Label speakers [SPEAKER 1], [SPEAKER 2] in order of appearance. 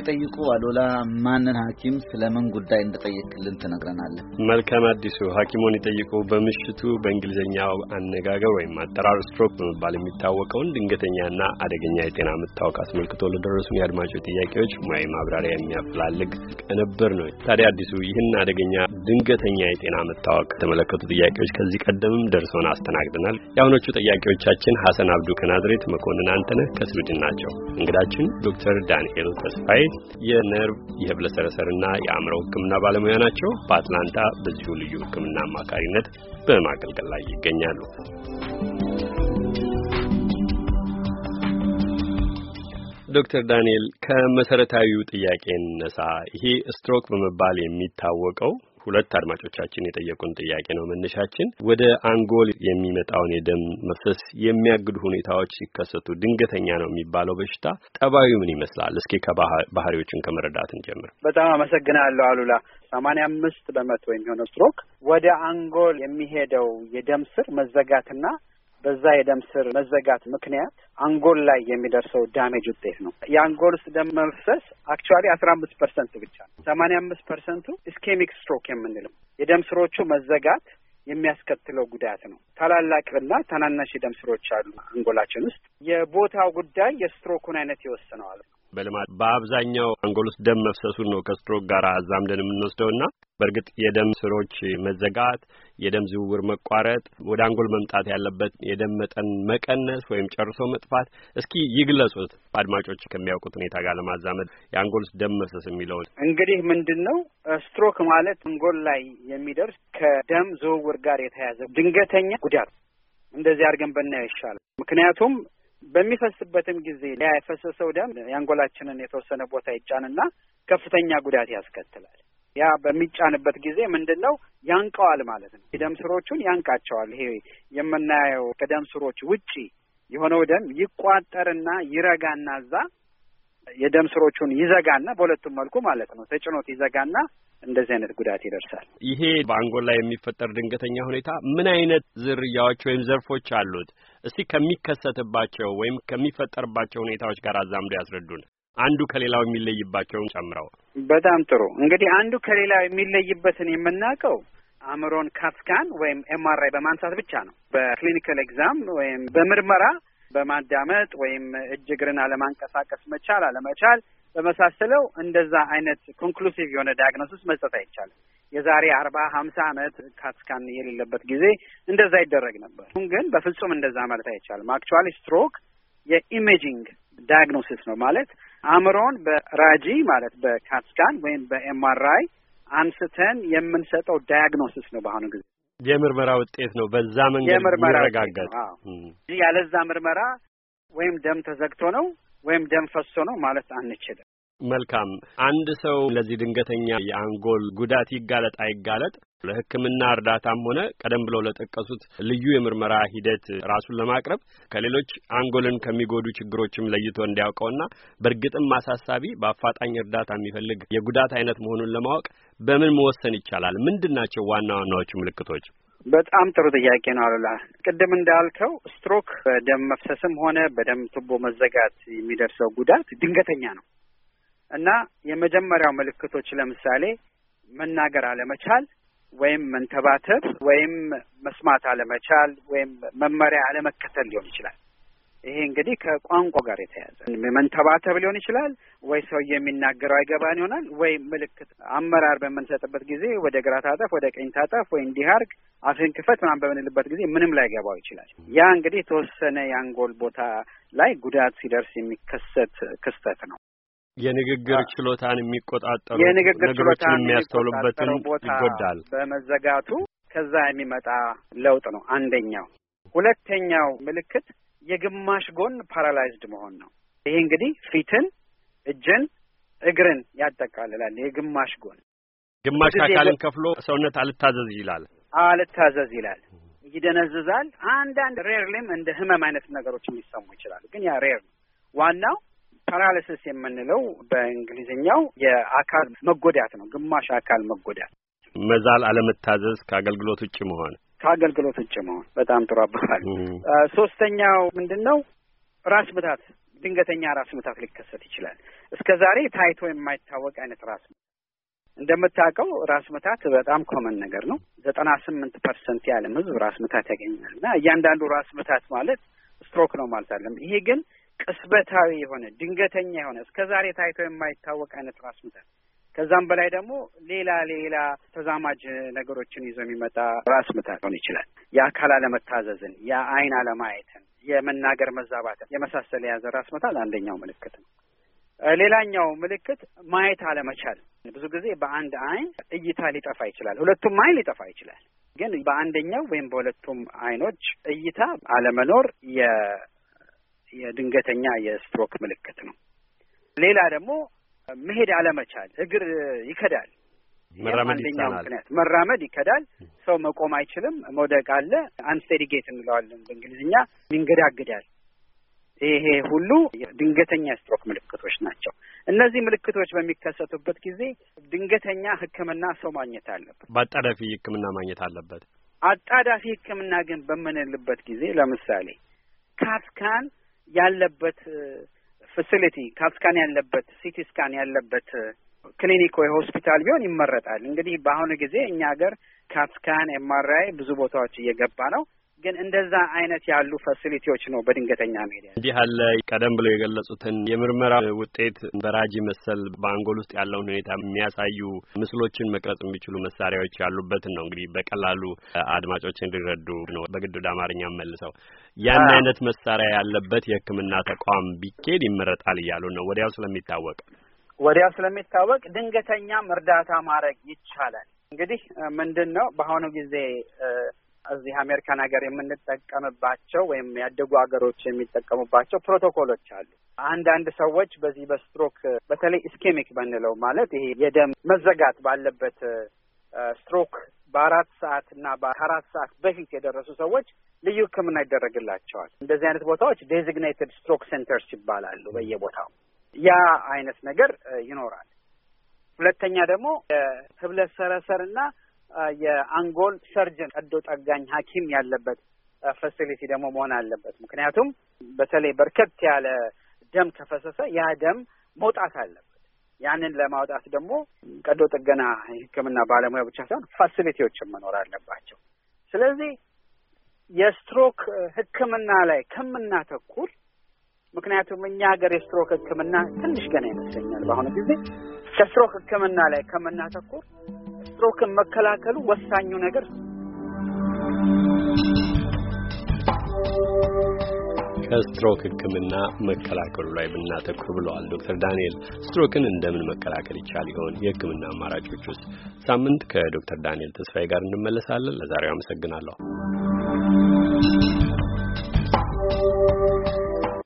[SPEAKER 1] የሚጠይቁ አዶላ ማንን ሐኪም ስለምን ጉዳይ እንደጠየቅልን ትነግረናለን።
[SPEAKER 2] መልካም አዲሱ ሐኪሙን ይጠይቁ በምሽቱ በእንግሊዝኛው አነጋገር ወይም አጠራር ስትሮክ በመባል የሚታወቀውን ድንገተኛና አደገኛ የጤና መታወክ አስመልክቶ ለደረሱን የአድማጮች ጥያቄዎች ሙያዊ ማብራሪያ የሚያፈላልግ ቅንብር ነው። ታዲያ አዲሱ ይህን አደገኛ ድንገተኛ የጤና መታወቅ የተመለከቱ ጥያቄዎች ከዚህ ቀደምም ደርሶን አስተናግደናል። የአሁኖቹ ጥያቄዎቻችን ሐሰን አብዱ ከናዝሬት፣ መኮንን አንተነህ ከስዊድን ናቸው። እንግዳችን ዶክተር ዳንኤል ተስፋዬ የነርቭ የህብለሰረሰርና የአእምሮ ህክምና ባለሙያ ናቸው። በአትላንታ በዚሁ ልዩ ህክምና አማካሪነት በማገልገል ላይ ይገኛሉ። ዶክተር ዳንኤል ከመሰረታዊው ጥያቄ እንነሳ። ይሄ ስትሮክ በመባል የሚታወቀው ሁለት አድማጮቻችን የጠየቁን ጥያቄ ነው መነሻችን። ወደ አንጎል የሚመጣውን የደም መፍሰስ የሚያግዱ ሁኔታዎች ሲከሰቱ ድንገተኛ ነው የሚባለው በሽታ ጠባዩ ምን ይመስላል? እስኪ ከባህሪዎችን ከመረዳት እንጀምር።
[SPEAKER 1] በጣም አመሰግናለሁ አሉላ። ሰማንያ አምስት በመቶ የሚሆነው ስትሮክ ወደ አንጎል የሚሄደው የደም ስር መዘጋትና በዛ የደም ስር መዘጋት ምክንያት አንጎል ላይ የሚደርሰው ዳሜጅ ውጤት ነው። የአንጎል ውስጥ ደም መፍሰስ አክቹዋሊ አስራ አምስት ፐርሰንት ብቻ ነው። ሰማንያ አምስት ፐርሰንቱ ኢስኬሚክ ስትሮክ የምንለው የደም ስሮቹ መዘጋት የሚያስከትለው ጉዳት ነው። ታላላቅና ታናናሽ የደም ስሮች አሉ አንጎላችን ውስጥ። የቦታው ጉዳይ የስትሮኩን አይነት ይወስነዋል።
[SPEAKER 2] በልማት በአብዛኛው አንጎል ውስጥ ደም መፍሰሱን ነው ከስትሮክ ጋር አዛምደን የምንወስደውና በእርግጥ የደም ስሮች መዘጋት የደም ዝውውር መቋረጥ፣ ወደ አንጎል መምጣት ያለበት የደም መጠን መቀነስ ወይም ጨርሶ መጥፋት እስኪ ይግለጹት፣ አድማጮች ከሚያውቁት ሁኔታ ጋር ለማዛመድ የአንጎል ደም መፍሰስ የሚለውን።
[SPEAKER 1] እንግዲህ ምንድን ነው ስትሮክ ማለት አንጎል ላይ የሚደርስ ከደም ዝውውር ጋር የተያያዘ ድንገተኛ ጉዳት እንደዚህ አድርገን ብናየው ይሻላል። ምክንያቱም በሚፈስበትም ጊዜ ያ የፈሰሰው ደም የአንጎላችንን የተወሰነ ቦታ ይጫንና ከፍተኛ ጉዳት ያስከትላል። ያ በሚጫንበት ጊዜ ምንድን ነው ያንቀዋል ማለት ነው። የደም ስሮቹን ያንቃቸዋል። ይሄ የምናየው ከደም ስሮች ውጪ የሆነው ደም ይቋጠርና ይረጋና እዛ የደም ስሮቹን ይዘጋና በሁለቱም መልኩ ማለት ነው ተጭኖት ይዘጋና እንደዚህ አይነት ጉዳት ይደርሳል።
[SPEAKER 2] ይሄ በአንጎል ላይ የሚፈጠር ድንገተኛ ሁኔታ ምን አይነት ዝርያዎች ወይም ዘርፎች አሉት? እስቲ ከሚከሰትባቸው ወይም ከሚፈጠርባቸው ሁኔታዎች ጋር አዛምዶ ያስረዱን። አንዱ ከሌላው የሚለይባቸውን ጨምረው።
[SPEAKER 1] በጣም ጥሩ እንግዲህ አንዱ ከሌላው የሚለይበትን የምናውቀው አእምሮን ካትስካን ወይም ኤምአርአይ በማንሳት ብቻ ነው። በክሊኒካል ኤግዛም ወይም በምርመራ በማዳመጥ ወይም እጅ እግርን አለማንቀሳቀስ መቻል አለመቻል በመሳሰለው እንደዛ አይነት ኮንክሉሲቭ የሆነ ዳያግኖሲስ መስጠት አይቻልም። የዛሬ አርባ ሀምሳ ዓመት ካትስካን የሌለበት ጊዜ እንደዛ ይደረግ ነበር። አሁን ግን በፍጹም እንደዛ ማለት አይቻልም። አክቹዋሊ ስትሮክ የኢሜጂንግ ዳያግኖሲስ ነው ማለት አእምሮን በራጂ ማለት በካትስካን ወይም በኤምአርአይ አንስተን የምንሰጠው ዳያግኖሲስ ነው በአሁኑ ጊዜ
[SPEAKER 2] የምርመራ ውጤት ነው። በዛ መንገድ ይረጋገጥ
[SPEAKER 1] ያለዛ ምርመራ ወይም ደም ተዘግቶ ነው ወይም ደም ፈሶ ነው ማለት አንችልም።
[SPEAKER 2] መልካም። አንድ ሰው ለዚህ ድንገተኛ የአንጎል ጉዳት ይጋለጥ አይጋለጥ ለሕክምና እርዳታም ሆነ ቀደም ብለው ለጠቀሱት ልዩ የምርመራ ሂደት ራሱን ለማቅረብ ከሌሎች አንጎልን ከሚጎዱ ችግሮችም ለይቶ እንዲያውቀውና በእርግጥም አሳሳቢ በአፋጣኝ እርዳታ የሚፈልግ የጉዳት አይነት መሆኑን ለማወቅ በምን መወሰን ይቻላል? ምንድን ናቸው ዋና ዋናዎቹ ምልክቶች?
[SPEAKER 1] በጣም ጥሩ ጥያቄ ነው አሉላ። ቅድም እንዳልከው ስትሮክ በደም መፍሰስም ሆነ በደም ቱቦ መዘጋት የሚደርሰው ጉዳት ድንገተኛ ነው። እና የመጀመሪያው ምልክቶች ለምሳሌ መናገር አለመቻል ወይም መንተባተብ ወይም መስማት አለመቻል ወይም መመሪያ አለመከተል ሊሆን ይችላል። ይሄ እንግዲህ ከቋንቋ ጋር የተያዘ መንተባተብ ሊሆን ይችላል። ወይ ሰው የሚናገረው አይገባን ይሆናል። ወይ ምልክት አመራር በምንሰጥበት ጊዜ ወደ ግራ ታጠፍ፣ ወደ ቀኝ ታጠፍ፣ ወይ እንዲህ አርግ፣ አፍህን ክፈት ምናምን በምንልበት ጊዜ ምንም ላይገባው ይችላል። ያ እንግዲህ የተወሰነ የአንጎል ቦታ ላይ ጉዳት ሲደርስ የሚከሰት ክስተት ነው።
[SPEAKER 2] የንግግር ችሎታን የሚቆጣጠሩ የንግግር ችሎታን የሚያስተውሉበትን ይጎዳል
[SPEAKER 1] በመዘጋቱ ከዛ የሚመጣ ለውጥ ነው አንደኛው። ሁለተኛው ምልክት የግማሽ ጎን ፓራላይዝድ መሆን ነው።
[SPEAKER 2] ይሄ እንግዲህ ፊትን፣
[SPEAKER 1] እጅን፣ እግርን ያጠቃልላል። የግማሽ ጎን
[SPEAKER 2] ግማሽ አካልን ከፍሎ ሰውነት አልታዘዝ ይላል
[SPEAKER 1] አልታዘዝ ይላል ይደነዝዛል። አንዳንድ ሬርሊም እንደ ህመም አይነት ነገሮች ሊሰሙ ይችላሉ፣ ግን ያ ሬር ነው ዋናው ፓራሊሲስ የምንለው በእንግሊዝኛው የአካል መጎዳት ነው። ግማሽ አካል መጎዳት፣
[SPEAKER 2] መዛል፣ አለመታዘዝ፣ ከአገልግሎት ውጭ መሆን
[SPEAKER 1] ከአገልግሎት ውጭ መሆን። በጣም ጥሩ አባባል። ሶስተኛው ምንድን ነው? ራስ ምታት፣ ድንገተኛ ራስ ምታት ሊከሰት ይችላል። እስከ ዛሬ ታይቶ የማይታወቅ አይነት ራስ እንደምታውቀው ራስ ምታት በጣም ኮመን ነገር ነው። ዘጠና ስምንት ፐርሰንት የዓለም ሕዝብ ራስ ምታት ያገኛል እና እያንዳንዱ ራስ ምታት ማለት ስትሮክ ነው ማለት አለም። ይሄ ግን ቅስበታዊ የሆነ ድንገተኛ የሆነ እስከ ዛሬ ታይቶ የማይታወቅ አይነት ራስ ምታት ከዛም በላይ ደግሞ ሌላ ሌላ ተዛማጅ ነገሮችን ይዞ የሚመጣ ራስ ምታት ሆን ይችላል። የአካል አለመታዘዝን፣ የአይን አለማየትን፣ የመናገር መዛባትን የመሳሰለ የያዘ ራስ ምታት አንደኛው ምልክት ነው። ሌላኛው ምልክት ማየት አለመቻል። ብዙ ጊዜ በአንድ አይን እይታ ሊጠፋ ይችላል። ሁለቱም አይን ሊጠፋ ይችላል። ግን በአንደኛው ወይም በሁለቱም አይኖች እይታ አለመኖር የድንገተኛ የስትሮክ ምልክት ነው። ሌላ ደግሞ መሄድ አለመቻል፣ እግር ይከዳል።
[SPEAKER 2] አንደኛው ምክንያት
[SPEAKER 1] መራመድ ይከዳል። ሰው መቆም አይችልም። መውደቅ አለ። አንስቴዲጌት እንለዋለን በእንግሊዝኛ ይንገዳግዳል።
[SPEAKER 2] ይሄ ሁሉ
[SPEAKER 1] ድንገተኛ ስትሮክ ምልክቶች ናቸው። እነዚህ ምልክቶች በሚከሰቱበት ጊዜ ድንገተኛ ሕክምና ሰው ማግኘት አለበት።
[SPEAKER 2] በአጣዳፊ ሕክምና ማግኘት አለበት።
[SPEAKER 1] አጣዳፊ ሕክምና ግን በምንልበት ጊዜ ለምሳሌ ካትስካን ያለበት ፋሲሊቲ ካፕስካን ያለበት ሲቲ ስካን ያለበት ክሊኒክ ወይ ሆስፒታል ቢሆን ይመረጣል። እንግዲህ በአሁኑ ጊዜ እኛ ሀገር ካፕስካን ኤምአርአይ ብዙ ቦታዎች እየገባ ነው። ግን እንደዛ አይነት ያሉ ፋሲሊቲዎች ነው በድንገተኛ ሜዲያ
[SPEAKER 2] እንዲህ አለ። ቀደም ብለው የገለጹትን የምርመራ ውጤት በራጅ መሰል በአንጎል ውስጥ ያለውን ሁኔታ የሚያሳዩ ምስሎችን መቅረጽ የሚችሉ መሳሪያዎች ያሉበትን ነው እንግዲህ በቀላሉ አድማጮች እንዲረዱ ነው በግድ ወደ አማርኛ መልሰው ያን አይነት መሳሪያ ያለበት የሕክምና ተቋም ቢኬድ ይመረጣል እያሉ ነው ወዲያው ስለሚታወቅ
[SPEAKER 1] ወዲያው ስለሚታወቅ ድንገተኛም እርዳታ ማድረግ ይቻላል። እንግዲህ ምንድን ነው በአሁኑ ጊዜ እዚህ አሜሪካን ሀገር የምንጠቀምባቸው ወይም ያደጉ ሀገሮች የሚጠቀሙባቸው ፕሮቶኮሎች አሉ። አንዳንድ ሰዎች በዚህ በስትሮክ በተለይ ኢስኬሚክ ብንለው ማለት ይሄ የደም መዘጋት ባለበት ስትሮክ በአራት ሰዓት እና በአራት ሰዓት በፊት የደረሱ ሰዎች ልዩ ሕክምና ይደረግላቸዋል። እንደዚህ አይነት ቦታዎች ዴዚግኔትድ ስትሮክ ሴንተርስ ይባላሉ በየቦታው ያ አይነት ነገር ይኖራል። ሁለተኛ ደግሞ የህብለት ሰረሰር እና የአንጎል ሰርጀን ቀዶ ጠጋኝ ሐኪም ያለበት ፋሲሊቲ ደግሞ መሆን አለበት። ምክንያቱም በተለይ በርከት ያለ ደም ከፈሰሰ ያ ደም መውጣት አለበት። ያንን ለማውጣት ደግሞ ቀዶ ጥገና ሕክምና ባለሙያ ብቻ ሳይሆን ፋሲሊቲዎችን መኖር አለባቸው። ስለዚህ የስትሮክ ሕክምና ላይ ከምናተኩር ምክንያቱም እኛ ሀገር የስትሮክ ሕክምና ትንሽ ገና ይመስለኛል በአሁኑ ጊዜ ከስትሮክ ሕክምና ላይ ከምናተኩር ስትሮክን መከላከሉ ወሳኙ ነገር
[SPEAKER 2] ከስትሮክ ሕክምና መከላከሉ ላይ ብናተኩር ብለዋል ዶክተር ዳንኤል። ስትሮክን እንደምን መከላከል ይቻል ይሆን? የሕክምና አማራጮች ውስጥ ሳምንት ከዶክተር ዳንኤል ተስፋዬ ጋር እንመለሳለን። ለዛሬው አመሰግናለሁ።